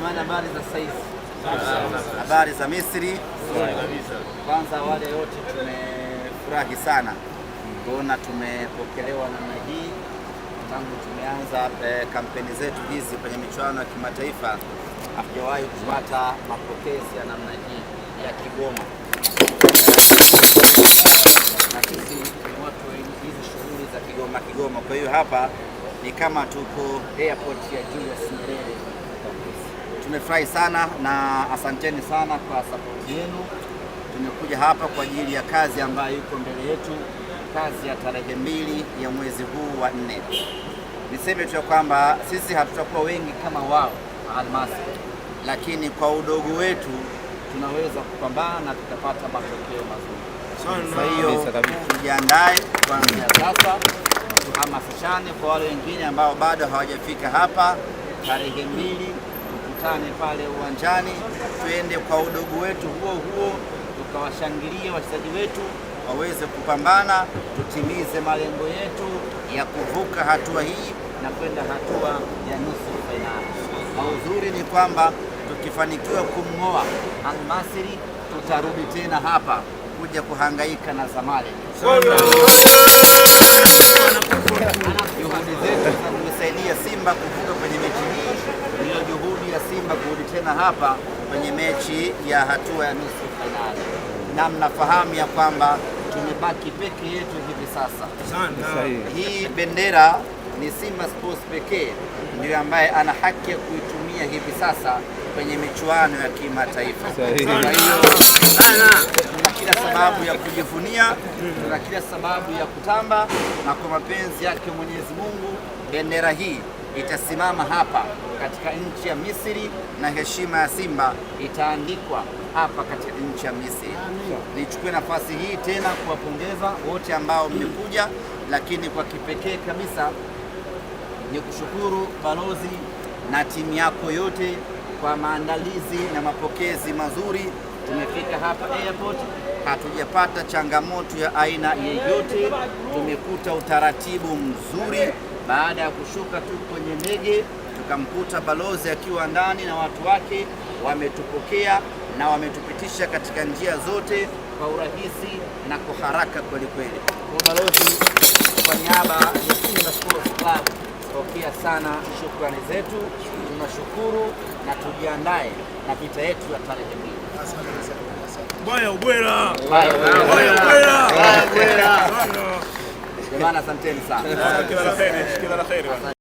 Jamani, habari za sasa habari za Misri. Kwanza wale wote tumefurahi sana kuona tumepokelewa namna hii tangu tumeanza eh, kampeni zetu hizi kwenye michuano ya kimataifa hatujawahi kupata mapokezi ya namna hii ya Kigoma, na sisi ni watu hizi shughuli za Kigoma Kigoma. Kwa hiyo hapa ni kama tuko airport ya Julius Nyerere tumefurahi sana na asanteni sana kwa sapoti yenu. Tumekuja hapa kwa ajili ya kazi ambayo iko mbele yetu, kazi ya tarehe mbili ya mwezi huu wa nne. Niseme tu kwamba sisi hatutakuwa wengi kama wao Almasi, lakini kwa udogo wetu tunaweza kupambana na tutapata matokeo mazuri. Kwa hiyo tujiandae kuanzia sasa, tuhamasishane. Kwa wale wengine ambao bado hawajafika hapa, tarehe mbili tukutane pale uwanjani, tuende kwa udogo wetu huo huo, tukawashangilie wachezaji wetu waweze kupambana, tutimize malengo yetu ya kuvuka hatua hii na kwenda hatua ya nusu fainali. Na uzuri ni kwamba tukifanikiwa kumng'oa Almasiri tutarudi tena hapa kuja kuhangaika na Zamalek. tena hapa kwenye mechi ya hatua ya nusu fainali, na mnafahamu ya kwamba tumebaki peke yetu hivi sasa sana. Hii bendera ni Simba Sports pekee ndio ambaye ana haki ya kuitumia hivi sasa kwenye michuano ya kimataifa. Kwa hiyo tuna kila sababu ya kujivunia, tuna kila sababu ya kutamba, na kwa mapenzi yake Mwenyezi Mungu bendera hii itasimama hapa katika nchi ya Misri na heshima ya Simba itaandikwa hapa katika nchi ya Misri. Nichukue nafasi hii tena kuwapongeza wote ambao mmekuja, lakini kwa kipekee kabisa ni kushukuru balozi na timu yako yote kwa maandalizi na mapokezi mazuri. Tumefika hapa airport, hatujapata changamoto ya aina yeyote, tumekuta utaratibu mzuri baada ya kushuka tu kwenye ndege, tukamkuta balozi akiwa ndani na watu wake, wametupokea na wametupitisha katika njia zote kwa urahisi na kwa haraka kweli kweli. Kwa balozi, kwa niaba ya Simba Sports Club pokea sana shukrani zetu, tunashukuru na tujiandae na vita yetu ya tarehe mbili. Baya ubwela, baya ubwela, baya ubwela. Asanteni sana, kila la heri.